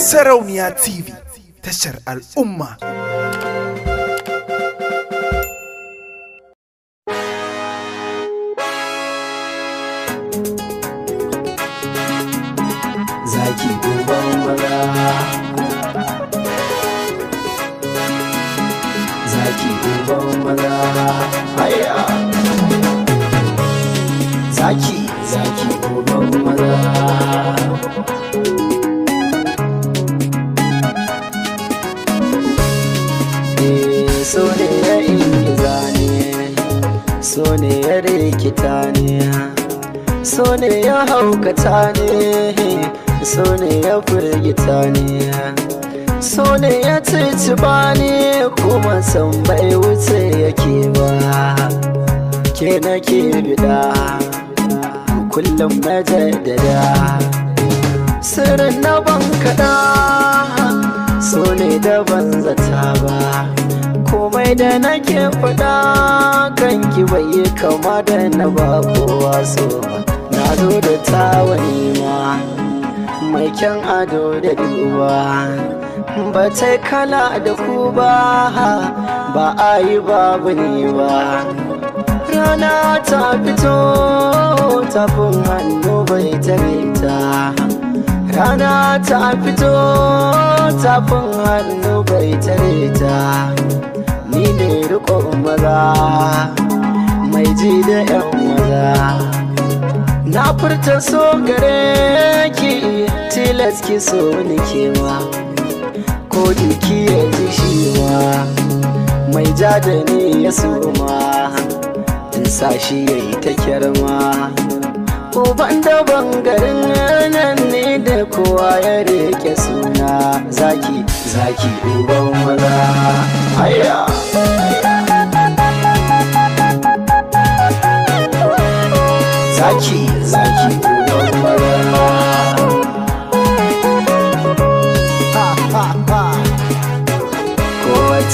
Sarauniya TV tashar al'umma. Zaki duban bara. Zaki Zaki, zaki so ne ya ingiza ne so ne ya rikita ne so ne ya haukata ne so ne ya firgita ne so ne ya cici ba ne kuma san bai wuce yake ba ke nake bida kullum na jaddada sirrin na ban kaɗa so ne da ban zata ba komai da nake faɗa kanki bai kama da na ba kowa so na zo da tawani ma mai kyan ado da duba ba ta kala da ku ba ba a yi babu ne ba rana ta fito tafin hannu bai ta rana ta fito tafin hannu bai ta ne riko maza mai ji da yan maza na furta so gare ki tilas ki so ni kewa ko jiki ya ji shiwa mai ja da ni ya soma in sa shi ya yi ta kyarma uban da bangaren nan ne da kowa ya rike zaki zaki uban maza haya zaki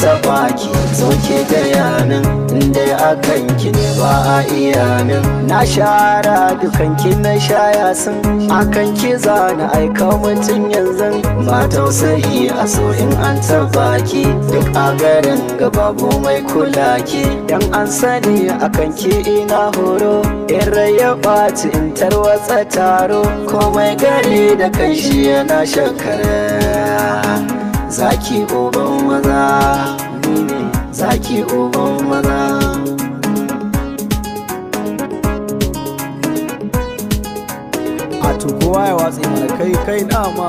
ta baki sauke gaya yanin inda akan ki ba a iya min na shara dukan ki na shaya sun akan ki zana aika mutum yanzu ba tausayi a soyin an ta baki duk a garin ga babu mai kula ki dan an sani akan ki ina horo in raya ɓaci in tarwatsa taro komai gari da kanshi shi yana shakara zaki uban maza zaki uban maza a kowa ya watsi mana kai kai dama